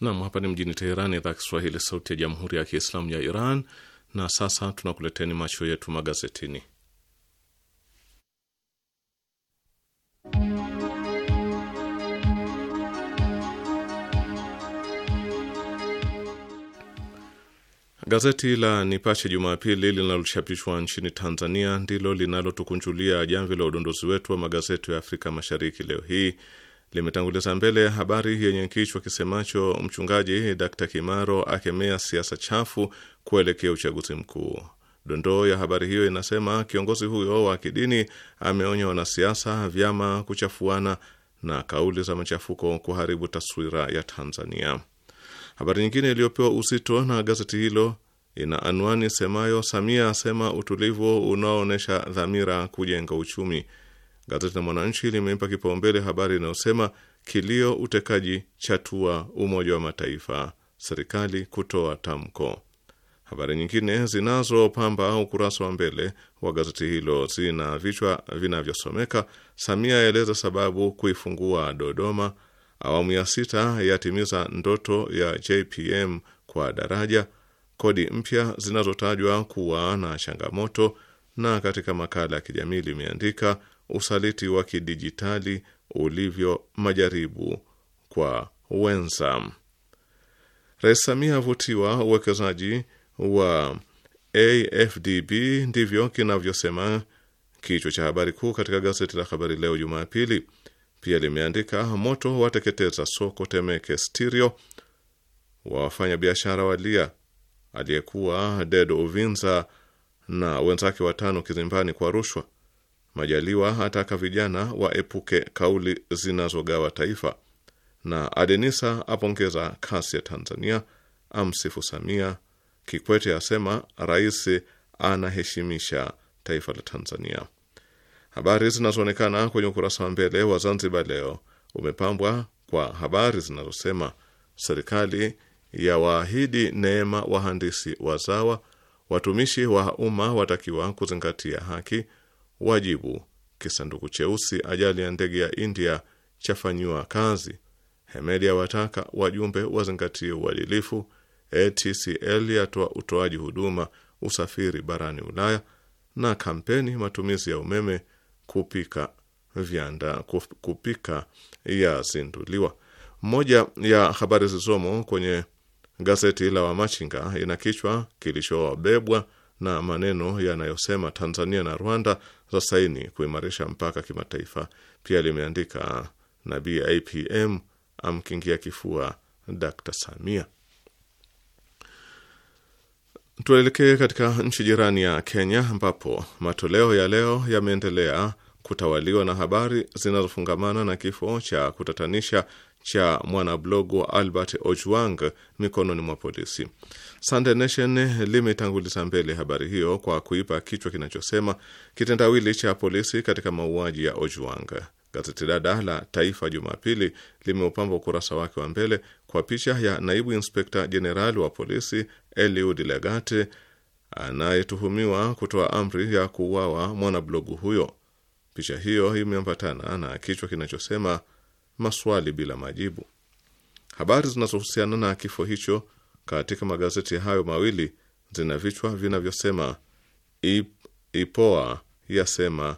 Nam, hapa ni mjini Teherani, idhaa Kiswahili, sauti ya jamhuri ya kiislamu ya Iran. Na sasa tunakuleteni macho yetu magazetini. Gazeti la Nipashe Jumapili linalochapishwa nchini Tanzania ndilo linalotukunjulia jamvi la udondozi wetu wa magazeti ya Afrika Mashariki leo hii. Limetanguliza mbele habari yenye kichwa kisemacho mchungaji d Kimaro akemea siasa chafu kuelekea uchaguzi mkuu. Dondoo ya habari hiyo inasema kiongozi huyo wa kidini ameonya wanasiasa, vyama kuchafuana na kauli za machafuko kuharibu taswira ya Tanzania. Habari nyingine iliyopewa uzito na gazeti hilo ina anwani semayo, Samia asema utulivu unaoonyesha dhamira kujenga uchumi. Gazeti la Mwananchi limeipa kipaumbele habari inayosema kilio utekaji chatua Umoja wa Mataifa, serikali kutoa tamko. Habari nyingine zinazopamba ukurasa wa mbele wa gazeti hilo zina vichwa vinavyosomeka Samia aeleza sababu kuifungua Dodoma, awamu ya sita yatimiza ndoto ya JPM kwa daraja, kodi mpya zinazotajwa kuwa na changamoto, na katika makala ya kijamii limeandika usaliti wa kidijitali ulivyo majaribu kwa wenza. Rais Samia avutiwa uwekezaji wa AFDB, ndivyo kinavyosema kichwa cha habari kuu katika gazeti la Habari Leo Jumapili. Pia limeandika moto wateketeza soko Temeke stirio wafanya biashara walia, aliyekuwa Ded Uvinza na wenzake watano kizimbani kwa rushwa. Majaliwa ataka vijana waepuke kauli zinazogawa taifa, na Adenisa apongeza kasi ya Tanzania, amsifu Samia. Kikwete asema rais anaheshimisha taifa la Tanzania. Habari zinazoonekana kwenye ukurasa wa mbele wa Zanzibar Leo umepambwa kwa habari zinazosema serikali ya waahidi neema wahandisi wazawa, watumishi wa umma watakiwa kuzingatia haki, wajibu, kisanduku cheusi ajali ya ndege ya India chafanyiwa kazi, Hemedi awataka wajumbe wazingatie uadilifu, ATCL yatoa utoaji huduma usafiri barani Ulaya, na kampeni matumizi ya umeme kupika vyanda kupika yazinduliwa. Moja ya habari zilizomo kwenye gazeti la Wamachinga ina kichwa kilichobebwa na maneno yanayosema Tanzania na Rwanda za saini kuimarisha mpaka kimataifa. Pia limeandika Nabii IPM amkingia kifua Dr. Samia. Tuelekee katika nchi jirani ya Kenya ambapo matoleo ya leo yameendelea kutawaliwa na habari zinazofungamana na kifo cha kutatanisha cha mwanablogu wa Albert Ojwang mikononi mwa polisi. Sunday Nation limetanguliza mbele habari hiyo kwa kuipa kichwa kinachosema kitendawili cha polisi katika mauaji ya Ojwang. Gazeti dada la Taifa Jumapili limeupamba ukurasa wake wa mbele kwa picha ya naibu inspekta jenerali wa polisi Eliud Lagat anayetuhumiwa kutoa amri ya kuuawa mwanablogu huyo. Picha hiyo imeambatana na kichwa kinachosema maswali bila majibu. Habari zinazohusiana na kifo hicho katika magazeti hayo mawili zina vichwa vinavyosema Ipoa yasema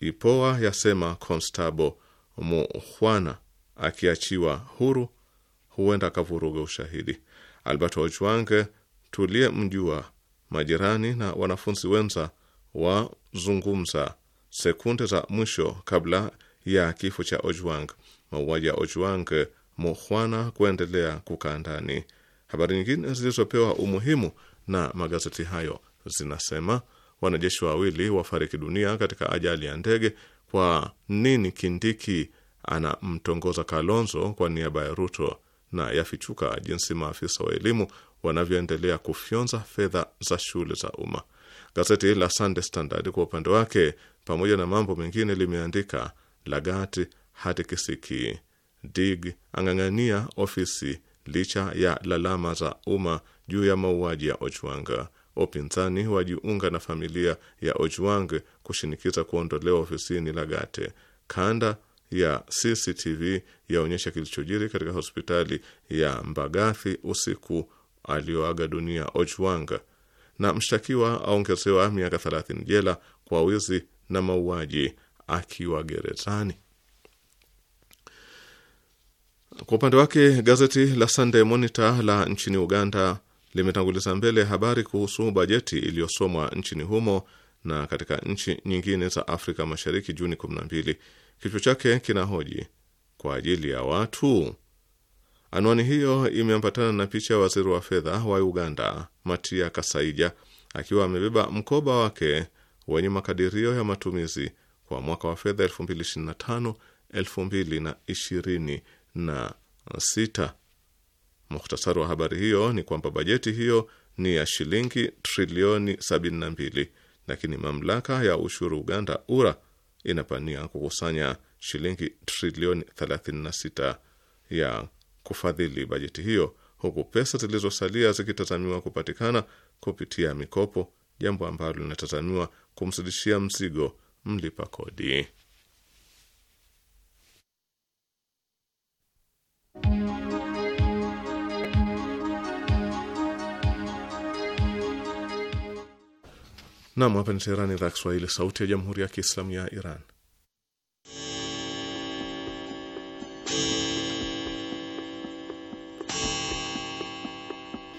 Ipoa yasema Constable Muhwana akiachiwa huru huenda akavuruga ushahidi. Albert Ojwang tuliye mjua majirani na wanafunzi wenza wazungumza sekunde za mwisho kabla ya kifo cha Ojwang, mauaji ya Ojwang Mukhwana kuendelea kukaa ndani. Habari nyingine zilizopewa umuhimu na magazeti hayo zinasema wanajeshi wawili wafariki dunia katika ajali ya ndege. Kwa nini Kindiki anamtongoza Kalonzo kwa niaba ya Ruto? Na yafichuka jinsi maafisa wa elimu wanavyoendelea kufyonza fedha za shule za umma. Gazeti la Sunday Standard kwa upande wake, pamoja na mambo mengine, limeandika Lagat kisiki Dig ang'ang'ania ofisi licha ya lalama za umma juu ya mauaji ya Ojwang. Upinzani wajiunga na familia ya Ojwang kushinikiza kuondolewa ofisini Lagat. Kanda ya CCTV yaonyesha kilichojiri katika hospitali ya Mbagathi usiku alioaga dunia Ojwang na mshtakiwa aongezewa miaka 30 jela kwa wizi na mauaji akiwa gerezani. Kwa upande wake gazeti la Sunday Monitor la nchini Uganda limetanguliza mbele habari kuhusu bajeti iliyosomwa nchini humo na katika nchi nyingine za Afrika Mashariki Juni 12. Kichwa chake kinahoji kwa ajili ya watu Anwani hiyo imeambatana na picha ya waziri wa fedha wa Uganda Matia Kasaija akiwa amebeba mkoba wake wenye makadirio ya matumizi kwa mwaka wa fedha 2025 2026. Muhtasari wa habari hiyo ni kwamba bajeti hiyo ni ya shilingi trilioni 72, lakini mamlaka ya ushuru Uganda URA inapania kukusanya shilingi trilioni 36 ya kufadhili bajeti hiyo, huku pesa zilizosalia zikitazamiwa kupatikana kupitia mikopo, jambo ambalo linatazamiwa kumzidishia mzigo mlipa kodi. Nam, hapa ni Teherani, idhaa Kiswahili, sauti ya jamhuri ya kiislamu ya Iran.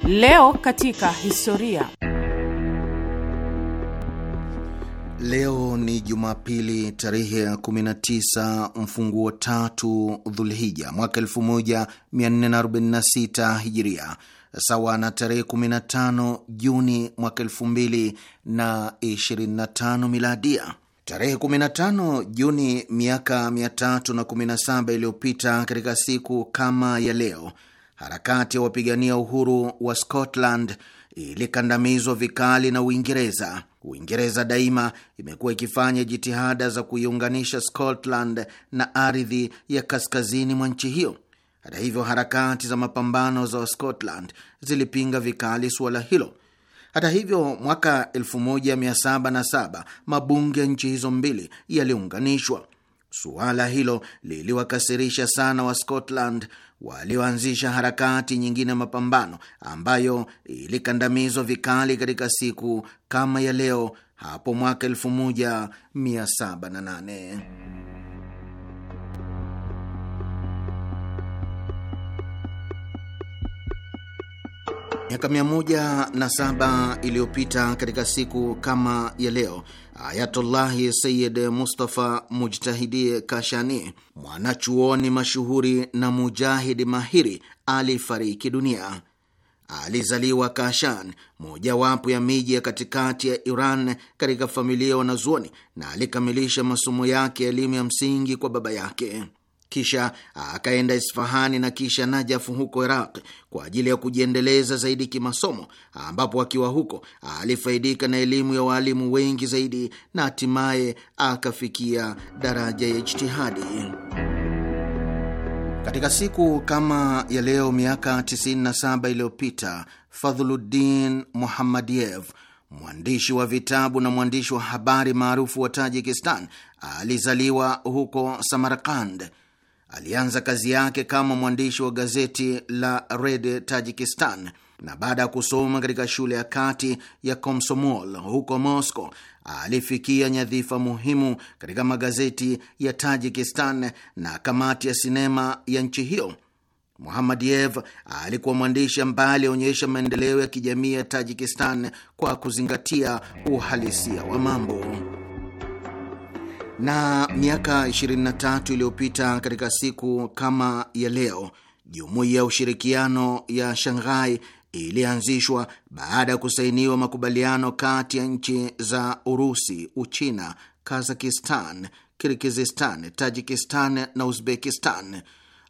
Leo katika historia. Leo ni Jumapili tarehe ya 19 mfunguo tatu Dhulhija mwaka 1446 Hijiria, sawa na tarehe 15 Juni mwaka 2025 Miladia. Tarehe 15 Juni miaka 317 iliyopita, katika siku kama ya leo harakati ya wapigania uhuru wa Scotland ilikandamizwa vikali na Uingereza. Uingereza daima imekuwa ikifanya jitihada za kuiunganisha Scotland na ardhi ya kaskazini mwa nchi hiyo. Hata hivyo, harakati za mapambano za Scotland zilipinga vikali suala hilo. Hata hivyo, mwaka 1707 mabunge ya nchi hizo mbili yaliunganishwa. Suala hilo liliwakasirisha sana wa Scotland walioanzisha harakati nyingine ya mapambano ambayo ilikandamizwa vikali katika siku kama ya leo hapo mwaka 1708. Miaka 17 iliyopita katika siku kama ya leo Ayatullahi Sayid Mustafa Mujtahidi Kashani, mwanachuoni mashuhuri na mujahidi mahiri, alifariki dunia. Alizaliwa Kashan, mojawapo ya miji ya katikati ya Iran, katika familia ya wanazuoni na alikamilisha masomo yake ya elimu ya msingi kwa baba yake kisha akaenda Isfahani na kisha Najafu huko Iraq kwa ajili ya kujiendeleza zaidi kimasomo, ambapo akiwa huko alifaidika na elimu ya waalimu wengi zaidi na hatimaye akafikia daraja ya ijtihadi. Katika siku kama ya leo miaka 97 iliyopita Fadhuluddin Muhammadiev, mwandishi wa vitabu na mwandishi wa habari maarufu wa Tajikistan, alizaliwa huko Samarkand alianza kazi yake kama mwandishi wa gazeti la Red Tajikistan na baada ya kusoma katika shule ya kati ya Komsomol huko Moscow, alifikia nyadhifa muhimu katika magazeti ya Tajikistan na kamati ya sinema ya nchi hiyo. Yev alikuwa mwandishi ambaye alionyesha maendeleo ya kijamii ya Tajikistan kwa kuzingatia uhalisia wa mambo. Na miaka 23 iliyopita katika siku kama ya leo, jumuiya ya ushirikiano ya Shanghai ilianzishwa baada ya kusainiwa makubaliano kati ya nchi za Urusi, Uchina, Kazakistan, Kirgizistan, Tajikistan na Uzbekistan.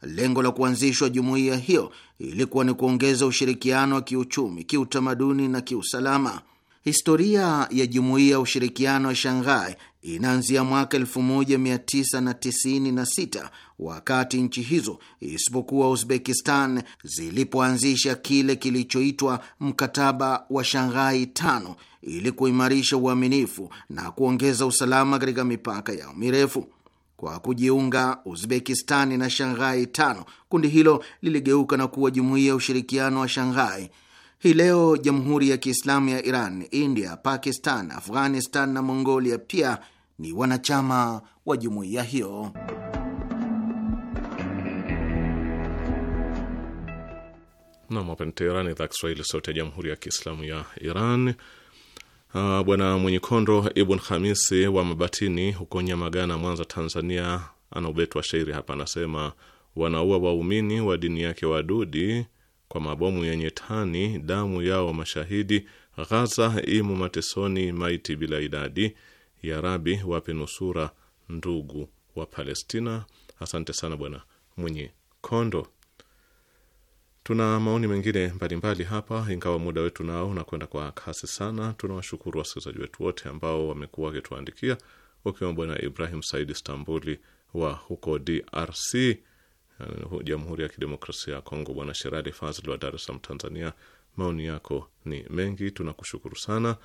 Lengo la kuanzishwa jumuiya hiyo ilikuwa ni kuongeza ushirikiano wa kiuchumi, kiutamaduni na kiusalama. Historia ya jumuiya ya ushirikiano ya Shanghai inaanzia mwaka 1996 wakati nchi hizo isipokuwa Uzbekistan zilipoanzisha kile kilichoitwa mkataba wa Shanghai tano ili kuimarisha uaminifu na kuongeza usalama katika mipaka yao mirefu. Kwa kujiunga Uzbekistani na Shanghai tano, kundi hilo liligeuka na kuwa Jumuiya ya Ushirikiano wa Shanghai. Hii leo Jamhuri ya Kiislamu ya Iran, India, Pakistan, Afghanistan na Mongolia pia ni wanachama wa jumuiya hiyo. ni Teherani, idhaa Kiswahili, sauti ya jamhuri ya kiislamu ya Iran. Uh, bwana Mwenyekondo Ibn Hamisi wa Mabatini huko Nyamagana, Mwanza, Tanzania, ana ubeti wa shairi hapa, anasema: wanaua waumini wa dini yake wadudi kwa mabomu yenye tani, damu yao mashahidi. Ghaza imo matesoni, maiti bila idadi ya Rabi wape nusura ndugu wa Palestina. Asante sana bwana Mwenye Kondo. Tuna maoni mengine mbalimbali hapa, ingawa muda wetu nao unakwenda kwa kasi sana. Tunawashukuru wasikilizaji wetu wote ambao wamekuwa wakituandikia, wakiwemo bwana Ibrahim Said Istambuli wa huko DRC, uh, Jamhuri ya Kidemokrasia ya Kongo, bwana Sherali Fazl wa Dar es Salaam, Tanzania. Maoni yako ni mengi, tunakushukuru sana.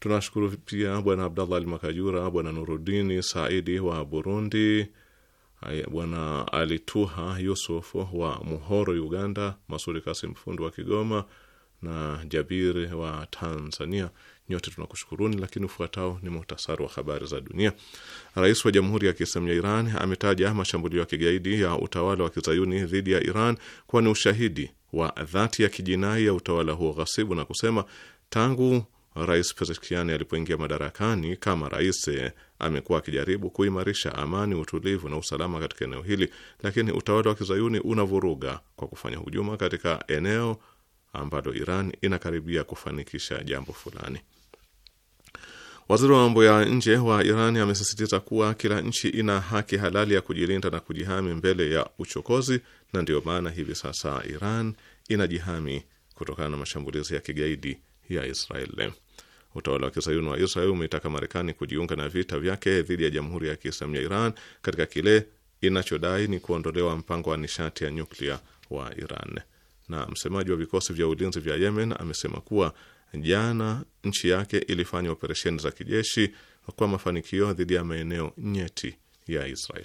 Tunashukuru pia bwana Abdallah Almakajura, bwana Nurudini Saidi wa Burundi, bwana Alituha Yusuf wa Muhoro, Uganda, Masuri Kasim Fundu wa Kigoma na Jabiri wa Tanzania. Nyote tunakushukuruni, lakini ufuatao ni muhtasari wa habari za dunia. Rais wa Jamhuri ya Kiislamu ya Iran ametaja mashambulio ya kigaidi ya utawala wa kizayuni dhidi ya Iran kuwa ni ushahidi wa dhati ya kijinai ya utawala huo ghasibu na kusema tangu Rais Pezeshkian alipoingia madarakani kama rais, amekuwa akijaribu kuimarisha amani, utulivu na usalama katika eneo hili, lakini utawala wa kizayuni unavuruga kwa kufanya hujuma katika eneo ambalo Iran inakaribia kufanikisha jambo fulani. Waziri wa mambo ya nje wa Iran amesisitiza kuwa kila nchi ina haki halali ya kujilinda na kujihami mbele ya uchokozi, na ndiyo maana hivi sasa Iran inajihami kutokana na mashambulizi ya kigaidi ya Israeli. Utawala wa kizayuni wa israel umeitaka Marekani kujiunga na vita vyake dhidi ya Jamhuri ya Kiislamu ya Iran katika kile inachodai ni kuondolewa mpango wa nishati ya nyuklia wa Iran. Na msemaji wa vikosi vya ulinzi vya Yemen amesema kuwa jana nchi yake ilifanya operesheni za kijeshi kwa mafanikio dhidi ya maeneo nyeti ya Israel